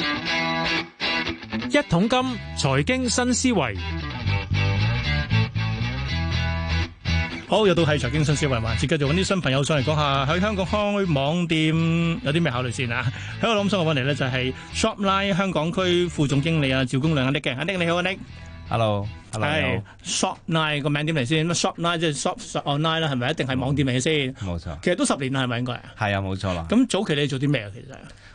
，一桶金財經新思維。好，又到係財經信息維維，接繼續揾啲新朋友上嚟講下，喺香港開網店有啲咩考慮先啊？喺我諗想我揾嚟呢，就係 Shopline 香港區副總經理啊，趙公亮阿 Nick 嘅，阿 Shop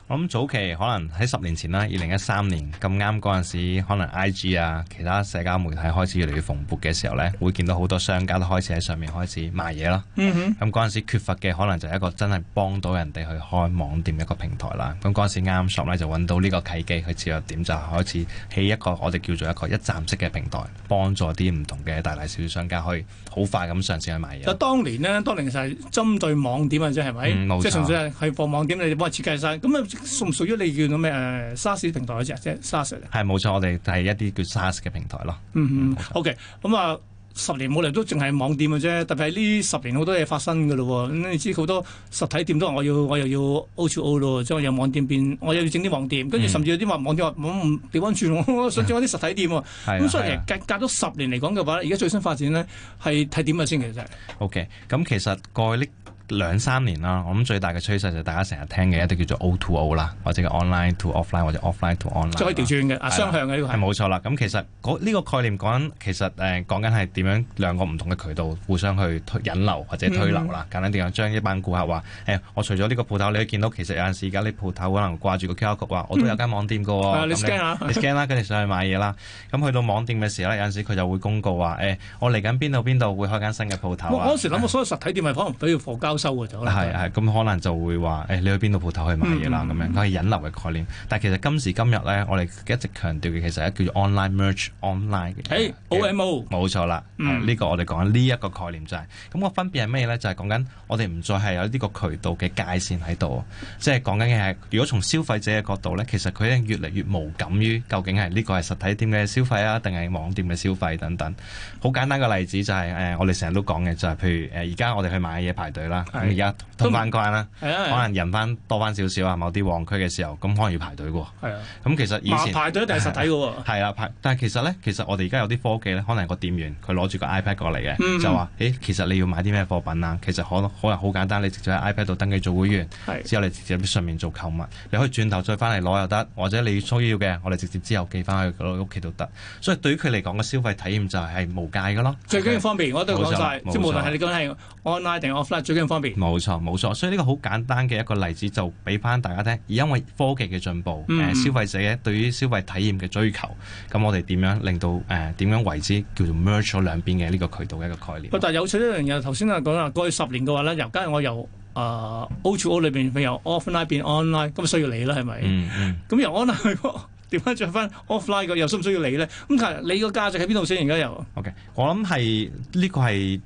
咁早期可能喺十年前啦，二零一三年咁啱嗰陣時，可能 IG 啊，其他社交媒體開始越嚟越蓬勃嘅時候呢，會見到好多商家都開始喺上面開始賣嘢咯。咁嗰陣時缺乏嘅可能就係一個真係幫到人哋去開網店一個平台啦。咁嗰陣時啱啱上呢就揾到呢個契機，去切入點就係開始起一個我哋叫做一個一站式嘅平台，幫助啲唔同嘅大大小小商家可以好快咁上線去賣嘢。啊，當年呢，當年就係針對網店啊，啫係咪？即係、嗯、純粹係放網店，你哋幫我設計晒屬唔屬於你叫咁咩誒 SaaS 平台嗰隻即係 SaaS？係冇錯，我哋係一啲叫 SaaS 嘅平台咯。嗯嗯，嗯，OK。咁啊，十年冇嚟都淨係網店嘅啫，特別係呢十年好多嘢發生嘅咯。咁你知好多實體店都話我要我又要 O2O 咯，即我由網店變，我又要整啲網店，跟住甚至有啲話網店話冇唔調翻轉，嗯嗯嗯、我想整翻啲實體店喎、啊。咁、 啊嗯、所以其隔、啊、隔咗十年嚟講嘅話，而家最新發展咧係睇點嘅先其實。OK，咁、嗯、其實蓋力。兩三年啦，我諗最大嘅趨勢就大家成日聽嘅一啲叫做 O to O 啦，或者叫 Online to Offline 或者 Offline to Online，可以調轉嘅，啊吧雙向嘅呢個。係冇錯啦，咁其實呢個概念講，其實誒講緊係點樣兩個唔同嘅渠道互相去引流或者推流啦。嗯、簡單點講，將一班顧客話：誒、嗯哎，我除咗呢個鋪頭，你見到其實有陣時而家啲鋪頭可能掛住個 QR Code 話，我都有間網店個喎、哦。 嗯、 你 scan 啦、嗯，你 scan 跟住上去買嘢啦。咁去到網店嘅時候，有陣時佢就會公告話：誒、哎，我嚟緊邊度邊度會開間新嘅鋪頭。嗯、我嗰時諗，所有實體店係可能都要。破交。收過咗啦，係咁、嗯、可能就會話誒、欸，你去邊度鋪頭去買嘢啦咁樣，係引流嘅概念。但係其實今時今日咧，我哋一直強調嘅其實叫做 Online Merge Online，誒 OMO，冇錯啦。呢、嗯、個我哋講緊呢一個概念就係咁個分別係咩咧？就係、是、講緊我哋唔再係有呢個渠道嘅界線喺度，即係講緊嘅係如果從消費者嘅角度咧，其實佢咧越嚟越無感於究竟係呢個係實體店嘅消費啊，定係網店嘅消費等等。好簡單嘅例子就係、是、誒、呃，我哋成日都講嘅就係、是、譬如誒，而家我哋去買嘢排隊啦。咁而家通關啦，可能人翻多翻少少啊，某啲旺區嘅時候，咁可能要排隊嘅喎。係啊。的咁其實以前排隊一定係實體嘅喎。係啊。排，但係其實咧，其實我哋而家有啲科技咧，可能個店員佢攞住個 iPad 過嚟嘅，嗯嗯、就話，誒、欸，其實你要買啲咩貨品啊？其實可可能好簡單，你直接喺 iPad 度登記做會員，的之後你直接喺上面做購物，你可以轉頭再翻嚟攞又得，或者你要需要嘅，我哋直接之後寄翻去佢屋企都得。所以對於佢嚟講嘅消費體驗就係無界嘅咯。最緊要方便，的我都講晒，即係錯錯無論係你講係 online 定 offline，最冇錯，冇錯，所以呢個好簡單嘅一個例子就俾翻大家聽，而因為科技嘅進步，誒、嗯呃，消費者對於消費體驗嘅追求，咁我哋點樣令到誒，點、呃、樣為之叫做 merge 咗兩邊嘅呢個渠道嘅一個概念。但係有趣一樣嘢，頭先啊講啊，過去十年嘅話咧，由梗係我由誒、呃、O2O 裏邊，由 offline 變 online，咁啊需要你啦，係咪？咁、嗯、由 online 點解着翻 offline 嘅又需唔需要呢你咧？咁但係你個價值喺邊度先？而家又？OK，我諗係呢個係。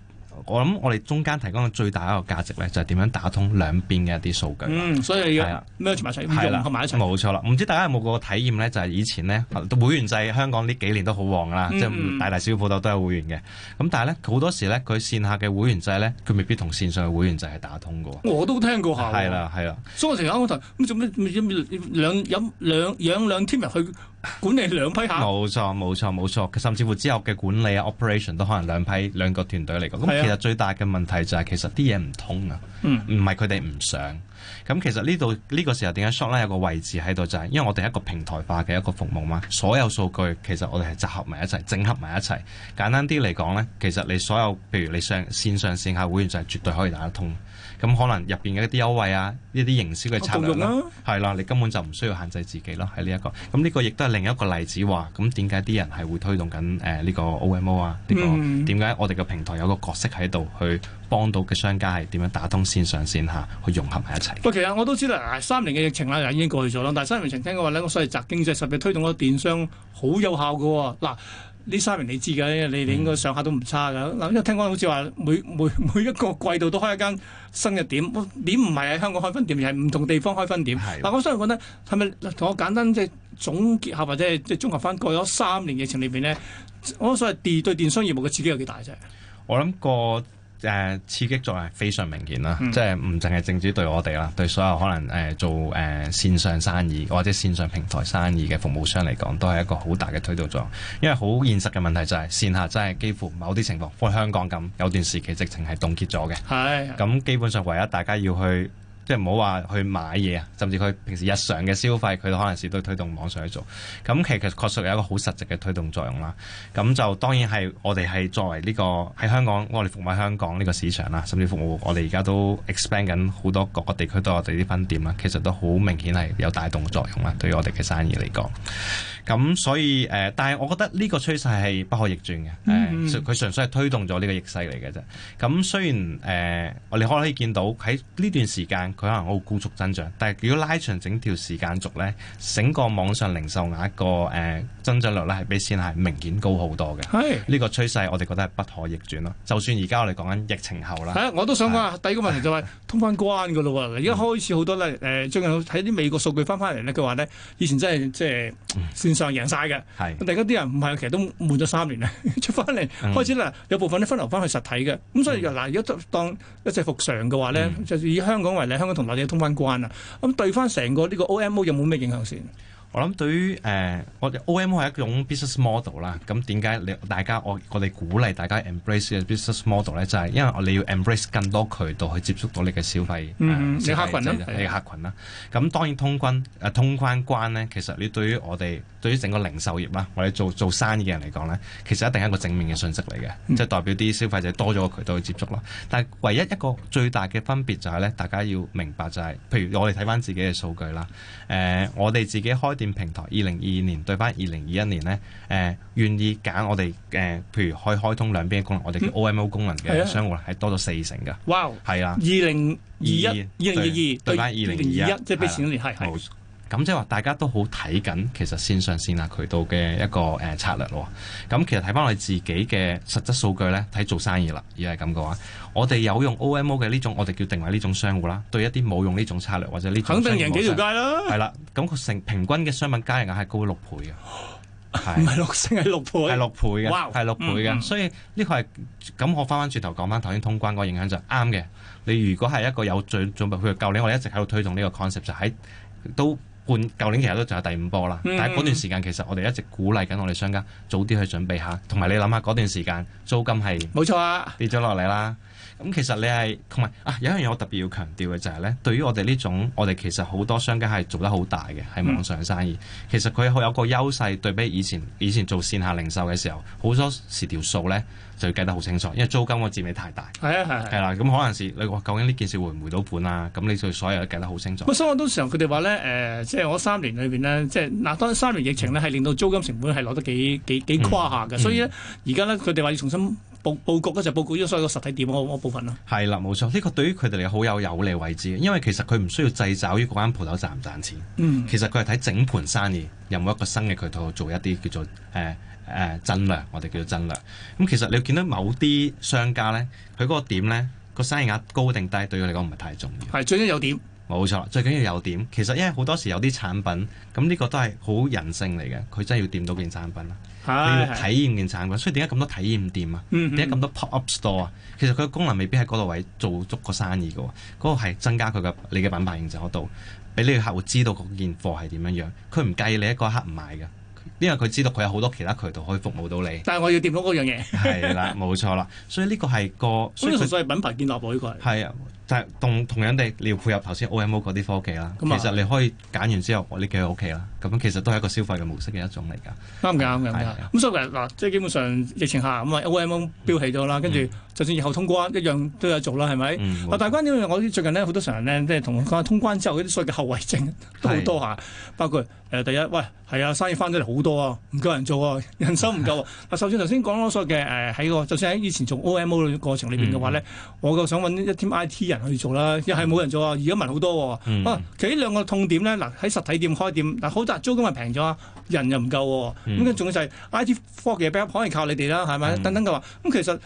我諗我哋中間提供嘅最大一個價值咧，就係、是、點樣打通兩邊嘅一啲數據。嗯，所以要 merge 埋一齊，用佢埋一齊。冇錯啦，唔知大家有冇個體驗咧？就係、是、以前咧，會員制香港呢幾年都好旺啦，即係、嗯、大大小小鋪頭都有會員嘅。咁但係咧，好多時咧，佢線下嘅會員制咧，佢未必同線上嘅會員制係打通嘅。我都聽過下、啊。係啦係啦，所以我成日講台，咁做咩？兩飲兩養兩添入去。管理兩批客，冇錯冇錯冇錯，甚至乎之後嘅管理 operation 都可能兩批兩個團隊嚟講。咁、啊、其實最大嘅問題就係、是、其實啲嘢唔通啊，唔係佢哋唔想。咁其實呢度呢個時候點解 Shopline 有個位置喺度，就係、是、因為我哋一個平台化嘅一個服務嘛，所有數據其實我哋係集合埋一齊，整合埋一齊。簡單啲嚟講咧，其實你所有譬如你上線上線下會員就係絕對可以打得通，咁可能入邊嘅一啲優惠啊，呢啲營銷嘅策略啦、啊，係啦、啊啊，你根本就唔需要限制自己咯、啊，係呢一個。咁呢個亦都係另一個例子話、啊，咁點解啲人係會推動緊誒呢個 O M O 啊？呢、呢個點解、嗯、我哋嘅平台有個角色喺度去幫到嘅商家係點樣打通線上線下，去融合喺一齊？喂，其實我都知道，三年嘅疫情啦，已經過去咗啦。但係三年疫情聽講話咧，我所謂宅經濟，特別推動咗電商，好有效嘅喎、啊。嗱。呢三年你知嘅，你你應該上下都唔差嘅。嗱、嗯，因為聽講好似話每每每一個季度都開一間新嘅店，點唔係喺香港開分店，而係唔同地方開分店。嗱的，但我所以覺得係咪同我簡單即係總結下或者即係即綜合翻過咗三年疫情裏邊呢？我覺得所謂嘅對電商業務嘅刺激有幾大啫？我諗個。誒、呃、刺激作用係非常明顯啦，嗯、即係唔淨係政治對我哋啦，對所有可能誒、呃、做誒、呃、線上生意或者線上平台生意嘅服務商嚟講，都係一個好大嘅推動作用。因為好現實嘅問題就係、是、線下真係幾乎某啲情況，包括香港咁，有段時期直情係凍結咗嘅。係咁的，基本上唯一大家要去。即係唔好話去買嘢啊，甚至佢平時日常嘅消費，佢都可能是都推動網上去做。咁其實確實有一個好實質嘅推動作用啦。咁就當然係我哋係作為呢個喺香港，我哋服務香港呢個市場啦，甚至服務我哋而家都 expand 緊好多各個地區都有我哋啲分店啦。其實都好明顯係有帶動作用啦，對於我哋嘅生意嚟講。咁、嗯、所以誒、呃，但係我覺得呢個趨勢係不可逆轉嘅，誒、呃，佢、嗯、純粹係推動咗呢個逆勢嚟嘅啫。咁雖然誒、呃，我哋可以見到喺呢段時間佢可能好高速增長，但係如果拉長整條時間軸咧，整個網上零售額個誒、呃、增長率咧係、呃、比先係明顯高好多嘅。係呢是個趨勢，我哋覺得係不可逆轉咯。就算而家我哋講緊疫情後啦、啊，我都想講下、啊、第二個問題就係通返關嘅咯喎。而家開始好多咧誒，嗯、最近睇啲美國數據翻翻嚟咧，佢話咧以前真係即係。線上贏曬嘅，係大家啲人唔係，其實都悶咗三年啦， 出翻嚟開始啦，嗯、有部分啲分流翻去實體嘅，咁所以嗱，如果當一隻復常嘅話咧，嗯、就以香港為例，香港同內地通翻關啦，咁對翻成個呢個 OMO 有冇咩影響先？我諗對於誒、呃，我 O M O 係一種 business model 啦。咁點解你大家我我哋鼓勵大家 embrace 嘅 business model 咧？就係、是、因為你要 embrace 更多渠道去接觸到你嘅消費。呃嗯、客群咯、啊，你客群啦、啊。咁的當然通關誒、啊，通關關咧，其實你對於我哋對於整個零售業啦、啊，我哋做做生意嘅人嚟講咧，其實一定係一個正面嘅信息嚟嘅，即係、嗯、代表啲消費者多咗個渠道去接觸咯。但係唯一一個最大嘅分別就係咧，大家要明白就係、是，譬如我哋睇返自己嘅數據啦，誒、呃，我哋自己開。啲平台二零二二年對翻二零二一年呢，誒願意揀我哋誒，譬如可以開通兩邊嘅功能，我哋叫 OMO 功能嘅商戶係多咗四成嘅。哇！係啊，二零二一、二零二二對翻二零二一，即係比前一年係係咁即係話，大家都好睇緊，其實線上線、啊、線下渠道嘅一個誒、呃、策略咯。咁其實睇翻我哋自己嘅實質數據咧，睇做生意啦。如果係咁嘅話，我哋有用、OM、O M O 嘅呢種，我哋叫定位呢種商戶啦。對一啲冇用呢種策略或者呢種商戶，肯定贏幾條街啦。係啦，咁個成平均嘅商品交易額係高六倍嘅，唔係、啊、是六成係六倍，係六倍嘅，係 Wow, 六倍嘅。嗯、所以呢個係咁，我翻翻轉頭講翻頭先通關個影響就啱嘅。你如果係一個有準準備去嘅舊年，我哋一直喺度推動呢個 concept 就喺都。半舊年其實都仲有第五波啦，但係嗰段時間其實我哋一直鼓勵緊我哋商家早啲去準備下，同埋你諗下嗰段時間租金，係冇錯啊，跌咗落嚟啦。咁其實你係同埋啊，有一樣嘢我特別要強調嘅就係、是、咧，對於我哋呢種我哋其實好多商家係做得好大嘅喺網上生意，嗯、其實佢有個優勢，對比以前以前做線下零售嘅時候，好多時條數咧。就要計得好清楚，因為租金個佔比太大。係啊，係係啦，咁、啊嗯、可能係你話究竟呢件事會唔會回到本啊？咁你對所有都計得好清楚。所以我通常佢哋話咧，誒、呃，即係我三年裏邊咧，即係嗱、呃，當三年疫情咧係令到租金成本係攞得幾幾幾誇下嘅。嗯、所以咧，而家咧佢哋話要重新佈佈局嗰就佈局咗所有個實體店嗰部分啦。係啦、啊，冇錯，呢、這個對於佢哋嚟好有有利位置，因為其實佢唔需要製造於嗰間鋪頭賺唔賺錢。嗯、其實佢係睇整盤生意有冇一個新嘅渠道做一啲叫做誒。呃誒增量，我哋叫做增量。咁、嗯、其實你見到某啲商家咧，佢嗰個點咧，個生意額高定低，對佢嚟講唔係太重要。係最緊要有點，冇錯，最緊要有點。其實因為好多時有啲產品，咁呢個都係好人性嚟嘅。佢真係要掂到件產品，係你要體驗件產品。所以點解咁多體驗店啊？點解咁多 pop up store 啊？其實佢嘅功能未必喺嗰度位做足個生意嘅。嗰、嗰個係增加佢嘅你嘅品牌認證度，俾你嘅客戶知道嗰件貨係點樣樣。佢唔介意你一個客唔買嘅。因為佢知道佢有好多其他渠道可以服務到你，但係我要掂到嗰樣嘢。係 啦，冇錯啦，所以呢個係個，所以純粹係品牌建立喎，呢個係。係啊，但係同同樣地，你要配合頭先 OMO 嗰啲科技啦，其實你可以揀完之後，我拎佢去屋企啦。咁其實都係一個消費嘅模式嘅一種嚟㗎，啱唔啱？咁所以嗱，嗱，即係基本上疫情下咁啊，O M O 標起咗啦，跟住就算以後通關一樣都有做啦，係咪？但係關鍵我最近咧好多常人咧，即係同我講通關之後嗰啲所謂嘅後遺症都好多下，包括第一，喂，係啊，生意翻咗嚟好多啊，唔夠人做啊，人手唔夠啊。就算頭先講咗所謂嘅誒喺個，就算喺以前做 O M O 過程裏邊嘅話咧，我就想揾一 team I T 人去做啦，又係冇人做啊，而家問好多喎。其實呢兩個痛點咧，嗱喺實體店開店，嗱開。租金咪平咗，人又唔夠，啊，咁嘅仲要就係 I T 科技嘅 backup 可以靠你哋啦，係咪？嗯、等等嘅話，咁、嗯、其實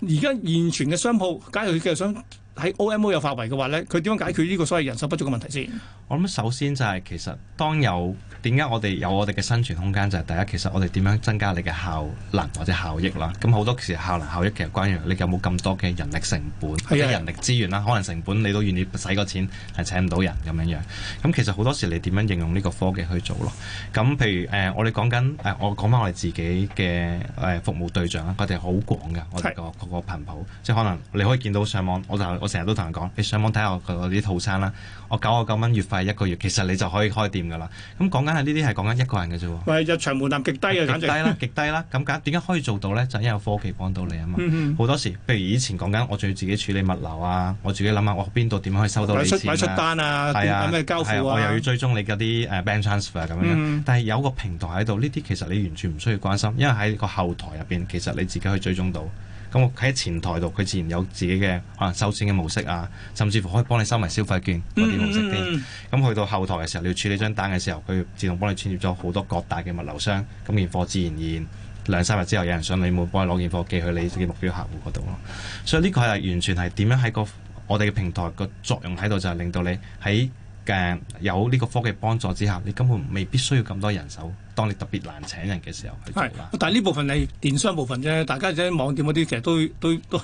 而家現存嘅商鋪，假如佢繼續商，喺 OMO 有發圍嘅話咧，佢點樣解決呢個所謂人手不足嘅問題先？我諗首先就係其實當有點解我哋有我哋嘅生存空間就係第一，其實我哋點樣增加你嘅效能或者效益啦？咁好多時候效能效益其實關於你有冇咁多嘅人力成本、嘅的人力資源啦，的可能成本你都願意使個錢係請唔到人咁樣樣。咁其實好多時你點樣應用呢個科技去做咯？咁譬如誒、呃，我哋講緊誒，我講翻我哋自己嘅誒、呃、服務對象啦，佢哋好廣嘅，我哋個是個頻譜，即係可能你可以見到上網，我就，我就成日都同人講，你上網睇下我嗰啲套餐啦。我九個九蚊月費一個月，其實你就可以開店㗎喇。咁講緊係呢啲係講緊一個人嘅啫。喂，日常門檻極低嘅、啊， 極低啦，極低啦。咁點解可以做到咧？就係、是、因為有科技幫到你啊嘛。好、嗯、哼多時，譬如以前講緊，我仲要自己處理物流啊，我自己諗下我邊度點可以收到你錢、啊、出單啊，有咩、啊、交付啊,啊，我又要追蹤你嗰啲誒 bank transfer 咁樣。嗯、但係有個平台喺度，呢啲其實你完全唔需要關心，因為喺個後台入邊，其實你自己可以追蹤到。咁我喺前台度，佢自然有自己嘅可能收錢嘅模式啊，甚至乎可以幫你收埋消費券嗰啲模式添、啊。咁、mm hmm。去到後台嘅時候，你要處理張單嘅時候，佢自動幫你穿接咗好多各大嘅物流商。咁件貨自然而然兩三日之後有人上你門幫你攞件貨寄去你自己目標客戶嗰度咯。Mm hmm。所以呢個係完全係點樣喺、個我哋嘅平台個作用喺度，就係令到你喺誒、uh，有呢個科技幫助之下，你根本未必需要咁多人手。當你特別難請人嘅時候係，但係呢部分係電商部分啫，大家即係網店嗰啲，其實都都都，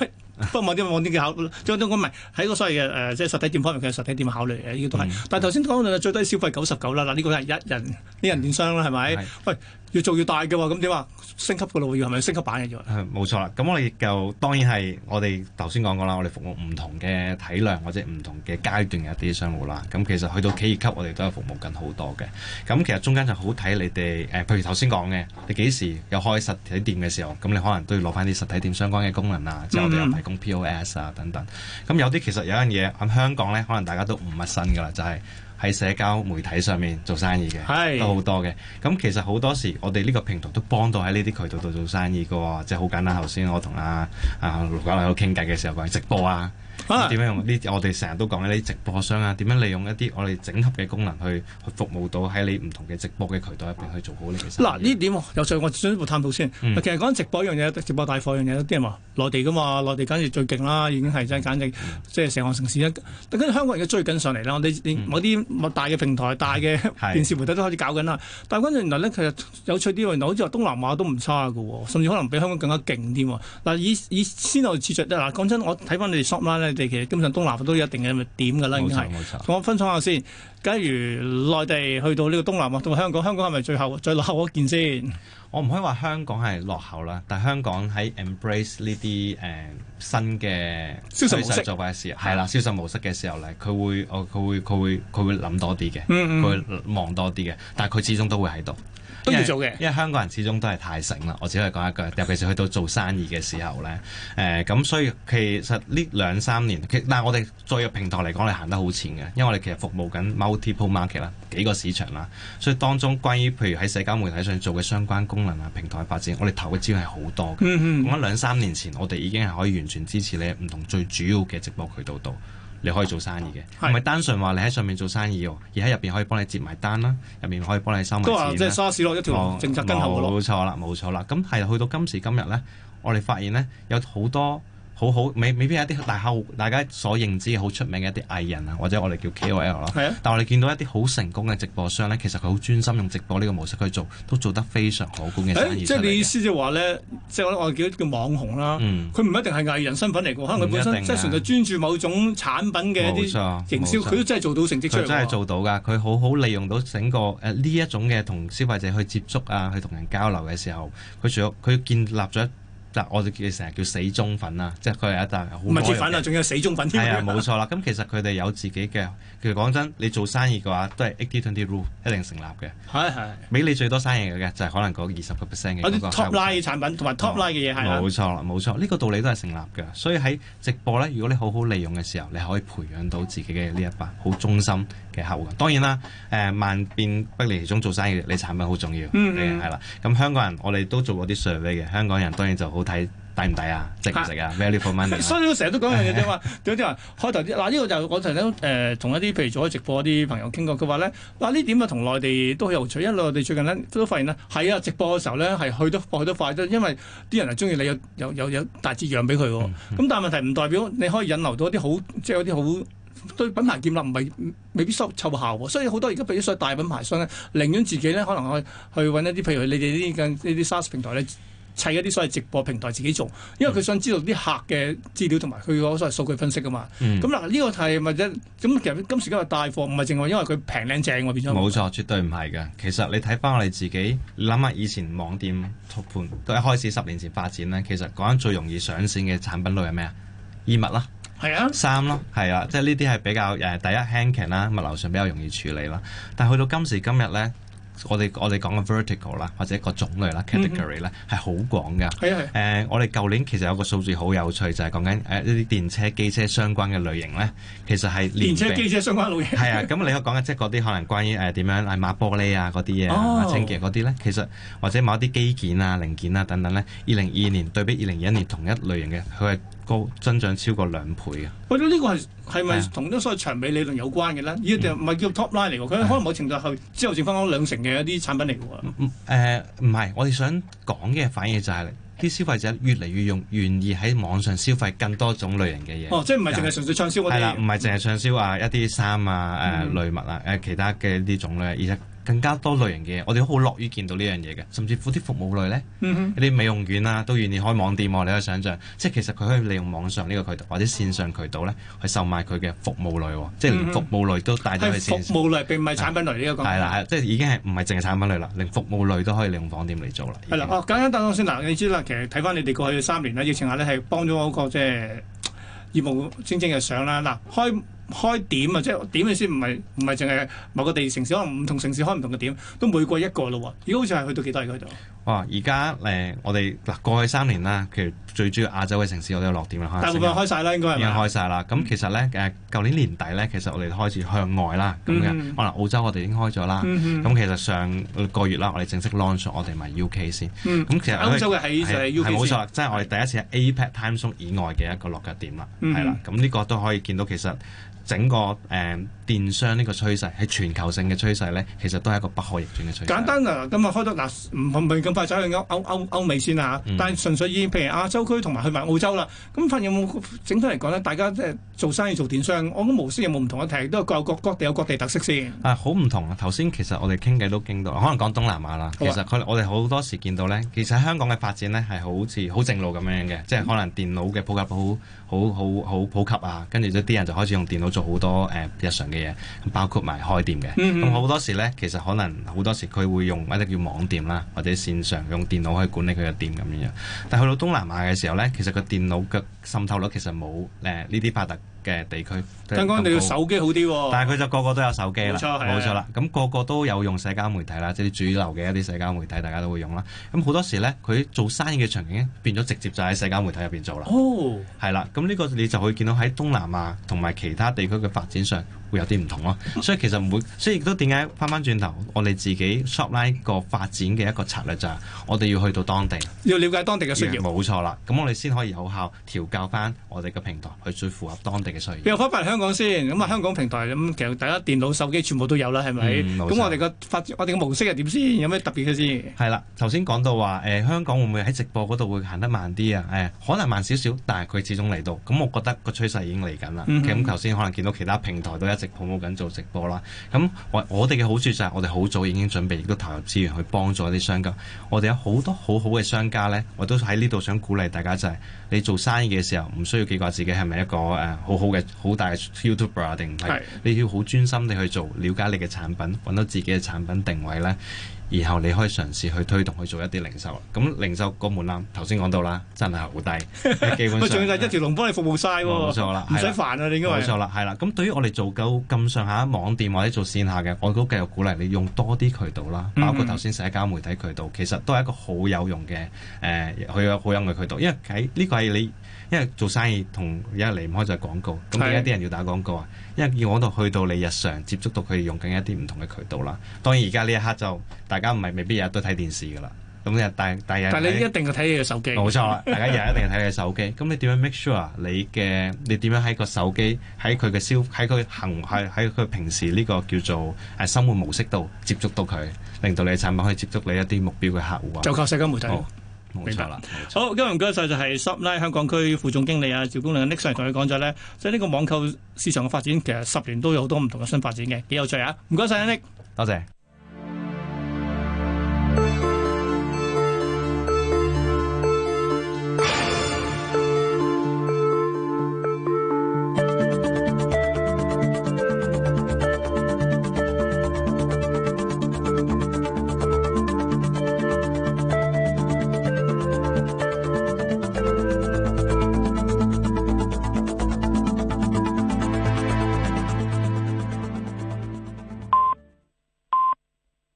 都不過網店網店嘅考，即係我唔係喺個所謂嘅誒、呃，即係實體店方面嘅實體店考慮嘅，呢個都係。嗯、但係頭先講到最低消費九十九啦，嗱、這、呢個係一人一、嗯、人電商啦，係咪？是喂。越做越大嘅喎，咁點啊？升級嘅咯，要係咪升級版嘅啫？冇錯啦，咁我哋就當然係我哋頭先講過啦，我哋服務唔同嘅體量，或者唔同嘅階段嘅一啲商戶啦。咁其實去到企業級，我哋都有服務緊好多嘅。咁其實中間就好睇你哋誒，譬如頭先講嘅，你幾時有開實體店嘅時候，咁你可能都要攞翻啲實體店相關嘅功能啊，即係我哋有提供 POS 啊等等。咁有啲其實有一樣嘢喺香港咧，可能大家都唔陌生噶啦，就係。喺社交媒體上面做生意嘅，是都好多嘅。咁、嗯、其實好多時，我哋呢個平台都幫到喺呢啲渠道度做生意嘅喎、哦。即係好簡單，頭先我同阿阿盧嘉麗喺度傾偈嘅時候，佢係直播啊。點樣、嗯、用呢？我哋成日都講緊啲直播商啊，點樣利用一啲我哋整合嘅功能去去服務到喺你唔同嘅直播嘅渠道入邊去做好呢件事。嗱呢點有趣，我進一步探討先。嗯、其實講緊直播一樣嘢，直播帶貨一樣嘢，有啲人話內地噶嘛，內地簡直最勁啦，已經係真係簡直即係成行成市啊！跟住香港人嘅追緊上嚟啦，我哋某啲大嘅平台、大嘅電視媒體都開始搞緊啦。但跟住原來咧，其實有趣啲喎，原來好似話東南亞都唔差嘅喎，甚至可能比香港更加勁添。嗱以以先頭嘅節目咧，嗱講真，我睇翻你哋 Shopline 我哋其實基本上東南都有一定嘅點㗎啦，已經係。冇錯，我分享下先。假如內地去到呢個東南啊，到香港，香港係咪最後最落後嗰件先？我唔可以話香港係落後啦，但係香港喺 embrace 呢啲誒、呃、新嘅銷售模式做法嘅時候，係啦，銷售、啊、模式嘅時候咧，佢會佢會佢會佢會諗多啲嘅，佢會望、嗯嗯、多啲嘅，但係佢始終都會喺度都要做嘅。因為香港人始終都係太醒啦，我只可以講一句，尤其是去到做生意嘅時候咧，誒、呃、咁所以其實呢兩三年，其但係我哋在入平台嚟講，你行得好前嘅，因為我哋其實服務緊貼、er、幾個市場啦，所以當中關於譬如喺社交媒體上做嘅相關功能啊，平台嘅發展，我哋投嘅資料係好多嘅、嗯。嗯嗯。講翻兩三年前，我哋已經係可以完全支持你喺唔同最主要嘅直播渠道度，你可以做生意嘅，唔係、啊啊、單純話你喺上面做生意，而喺入邊可以幫你接埋單啦，入面可以幫你，你收埋都話即係沙士落一條政策跟後冇錯啦，冇錯啦，咁係去到今時今日呢，我哋發現呢有好多。好好，未未必係一啲大客，大家所認知好出名嘅一啲藝人啊，或者我哋叫 KOL 咯。係啊，但係我哋見到一啲好成功嘅直播商咧，其實佢好專心用直播呢個模式去做，都做得非常好，好嘅生意出嚟嘅、哎、即係你意思就話咧，即係我哋話叫叫網紅啦。佢唔一定係藝人身份嚟嘅喎，可能佢本身即係純粹專注某種產品嘅一啲營銷，佢都真係做到成績上。佢真係做到㗎，佢好好利用到整個誒呢、呃、一種嘅同消費者去接觸啊，去同人交流嘅時候，佢除咗佢建立咗。我就叫你成日叫死忠粉啦，即係佢係一笪好唔係鐵粉啊，仲要死忠粉添啊！冇、啊、錯啦，咁、嗯、其實佢哋有自己嘅，其實講真，你做生意嘅話，都係 eighty twenty rule 一定成立嘅。係係，俾你最多生意嘅就係可能嗰二十個 percent 嘅嗰啲 top line 產品同埋 top line 嘅嘢係。冇、哦啊、錯冇錯，呢、這個道理都係成立嘅。所以喺直播咧，如果你好好利用嘅時候，你可以培養到自己嘅呢一班好忠心。嘅客戶，當然啦，誒萬變不離其宗，做生意你產品好重要，係啦、嗯嗯。咁香港人，我哋都做過啲 survey 嘅，香港人當然就好睇抵唔抵啊，值唔值啊，value for money。所以成日都講一樣嘢啫嘛，有啲人開頭嗱，呢、 啊呢個就我成日都誒同一啲譬如做開直播啲朋友傾過話，佢話咧嗱呢點啊，同內地都好有趣，因為我哋最近咧都發現咧，係啊，直播嘅時候咧係去得去得快，因為啲人係中意你有有有有大資源俾佢，咁、嗯嗯嗯、但係問題唔代表你可以引流到一啲好，即、就、係、是、一啲好。對品牌建立唔係未必收奏效喎，所以好多而家俾啲所謂大品牌商咧，寧願自己咧可能去去揾一啲，譬如你哋呢間呢啲 SAAS 平台咧，砌一啲所謂直播平台自己做，因為佢想知道啲客嘅資料同埋佢嗰所謂數據分析噶嘛。咁嗱、嗯，這這個呢個係咪者咁其實今時今日帶貨唔係淨係因為佢平靚正喎、啊，變咗冇錯，絕對唔係嘅。其實你睇翻我哋自己，你諗下以前網店拓盤，都一開始十年前發展咧。其實講緊最容易上線嘅產品類係咩啊？衣物啦。三咯，係啊，即係呢啲係比較誒、呃、第一 hand 強啦，can，物流上比較容易處理啦。但係去到今時今日咧。我哋我哋講嘅 vertical 啦，或者一個種類啦，category 咧係好廣㗎。係啊係、啊誒。我哋舊年其實有個數字好有趣，就係、係、講緊誒呢啲電車、機車相關嘅類型咧，其實係電車、機車相關類型。係啊，咁你講嘅即係嗰啲可能關於誒點樣誒抹玻璃啊嗰啲嘢清潔嗰啲咧，其實或者某一啲機件啊零件啊等等咧，二零二二年對比二零二一年同一類型嘅，佢係高增長超過兩倍啊。我覺得呢個係係咪同啲所謂長尾理論有關嘅咧？呢啲唔係叫 top line 嚟喎，佢可能某程度去之後剩翻嗰兩成。嘅一啲產品嚟嘅喎，唔係、嗯呃，我哋想講嘅反應就係、是、啲消費者越嚟越用願意喺網上消費更多種類型嘅嘢。哦，即係唔係淨係純粹暢銷嗰啲？係啦，唔係淨係暢銷啊一啲衫啊誒類物啊誒其他嘅呢種咧，而且。更加多類型嘅嘢，我哋都好樂於見到呢樣嘢嘅，甚至乎啲服務類咧，啲、嗯、哼美容院啦，都願意開網店喎、啊。你可以想象，即係其實佢可以利用網上呢個渠道或者線上渠道咧，去售賣佢嘅服務類、啊，即係連服務類都帶咗去線上。係服務類並唔係產品類呢一、啊、個。係啦，係即係已經係唔係淨係產品類啦，連服務類都可以利用網店嚟做啦。係啦，哦、啊，等等先嗱，你知啦，其實睇翻你哋過去三年咧，疫情下咧係幫咗嗰個即係業務蒸蒸日上啦，嗱開。開點啊！即係點你先，唔係唔係淨係某個地城市，可能唔同城市開唔同嘅點，都每個一個咯喎。而家好似係去到幾多喺嗰度？哇！而家誒，我哋嗱過去三年啦，其實最主要亞洲嘅城市我哋有落點啦。但係每個開曬啦，應該係開曬啦。咁其實咧誒，舊、呃、年年底咧，其實我哋開始向外啦咁嘅。嗱，mm hmm. 可能澳洲我哋已經開咗啦。咁、mm hmm. 其實上個月啦，我哋正式 launch 我哋咪 UK、mm hmm. 先。咁其實歐洲嘅係係冇錯，的即係我哋第一次喺 APAC Time Zone 以外嘅一個落腳點啦。係啦、mm，咁、hmm. 呢個都可以見到其實。整個誒。Um 電商呢個趨勢係全球性嘅趨勢咧，其實都係一個不可逆轉嘅趨勢。簡單啊，今日開得嗱，唔係唔咁快走去歐歐歐美線啊，嗯、但係純粹以，譬如亞洲區同埋去埋澳洲啦，咁發現有冇、嗯、整體嚟講咧，大家即係做生意做電商，我諗模式有冇唔同嘅係都係各有各各，各地有各地，各地特色先。啊，好唔同啊！頭先其實我哋傾偈都傾到，可能講東南亞啦，其實佢我哋好多時見到咧，其實香港嘅發展咧係好似好正路咁樣嘅，即係可能電腦嘅普及、嗯、好好好好普及啊，跟住咗啲人就開始用電腦做好多誒日常。嗯嗯嗯嗯嗯嗯嗯嗯嘅嘢，包括埋開店嘅，咁好、mm hmm. 多時呢，其實可能好多時佢會用一啲叫網店啦，或者線上用電腦去管理佢嘅店咁樣。但去到東南亞嘅時候呢，其實個電腦嘅滲透率其實冇誒呢啲發達嘅地區。剛剛你要手機好啲喎、哦，但係佢就個個都有手機啦，冇錯啦。咁、那個個都有用社交媒體啦，即係啲主流嘅一啲社交媒體，大家都會用啦。咁好多時咧，佢做生意嘅場景變咗，直接就喺社交媒體入邊做啦。哦，係啦。咁呢個你就可以見到喺東南亞同埋其他地區嘅發展上會有啲唔同咯。 所以其實唔會，所以亦都點解翻翻轉頭，我哋自己 shopline 個發展嘅一個策略就係我哋要去到當地，要了解當地嘅需要。冇錯啦。咁我哋先可以有效調教翻我哋嘅平台去最符合當地嘅需要。又翻翻嚟香港先，咁啊香港平台咁，其實大家電腦、手機全部都有啦，係咪？咁、嗯、我哋嘅發我哋嘅模式係點先？有咩特別嘅先？係啦，頭先講到話誒、呃，香港會唔會喺直播嗰度會行得慢啲啊？誒、呃，可能慢少少，但係佢始終嚟到。咁我覺得個趨勢已經嚟緊啦。咁頭先可能見到其他平台都一直抱護緊做直播啦。咁我我哋嘅好處就係我哋好早已經準備，亦都投入資源去幫助啲商，商家。我哋有好多好好嘅商家咧，我都喺呢度想鼓勵大家就係、是、你做生意嘅。時候唔需要記掛自己係咪一個誒、呃、好好嘅好大嘅 YouTuber 定係，是你要好專心地去做，了解你嘅產品，揾到自己嘅產品定位呢。然後你可以嘗試去推動去做一啲零售，咁零售個門檻頭先講到啦，真係好低，基本上。佢仲要係一條龍幫你服務晒喎。冇錯、啊、啦，唔使煩啊，你應該。冇錯啦，係啦。咁對於我哋做夠咁上下網店或者做線下嘅，我都繼續鼓勵你用多啲渠道啦，包括頭先社交媒體渠道，其實都係一個好有用嘅誒，佢、呃、有好有嘅渠道，因為喺呢個係你因為做生意同而家離唔開就係廣告，咁而家啲人要打廣告啊，的因為要講到去到你日常接觸到佢用緊一啲唔同嘅渠道啦。當然而家呢一刻就大。而家唔係未必日日都睇電視噶啦，咁日第第日睇，但係你一定係睇你嘅手機，冇錯。大家日日一定係睇你嘅手機，咁你點樣 make sure 你嘅？你點樣喺個手機喺佢嘅消喺佢行喺喺佢平時呢個叫做誒生活模式度接觸到佢，令到你產品可以接觸你一啲目標嘅客戶，就靠社交媒體，明白啦。好，今日唔該曬，就係 Shopline 香港區副總經理啊，趙公亮 Nick，同你講咗咧，即係呢個網購市場嘅發展，其實十年都有好多唔同嘅新發展嘅，幾有趣啊！唔該曬 Nick，多謝。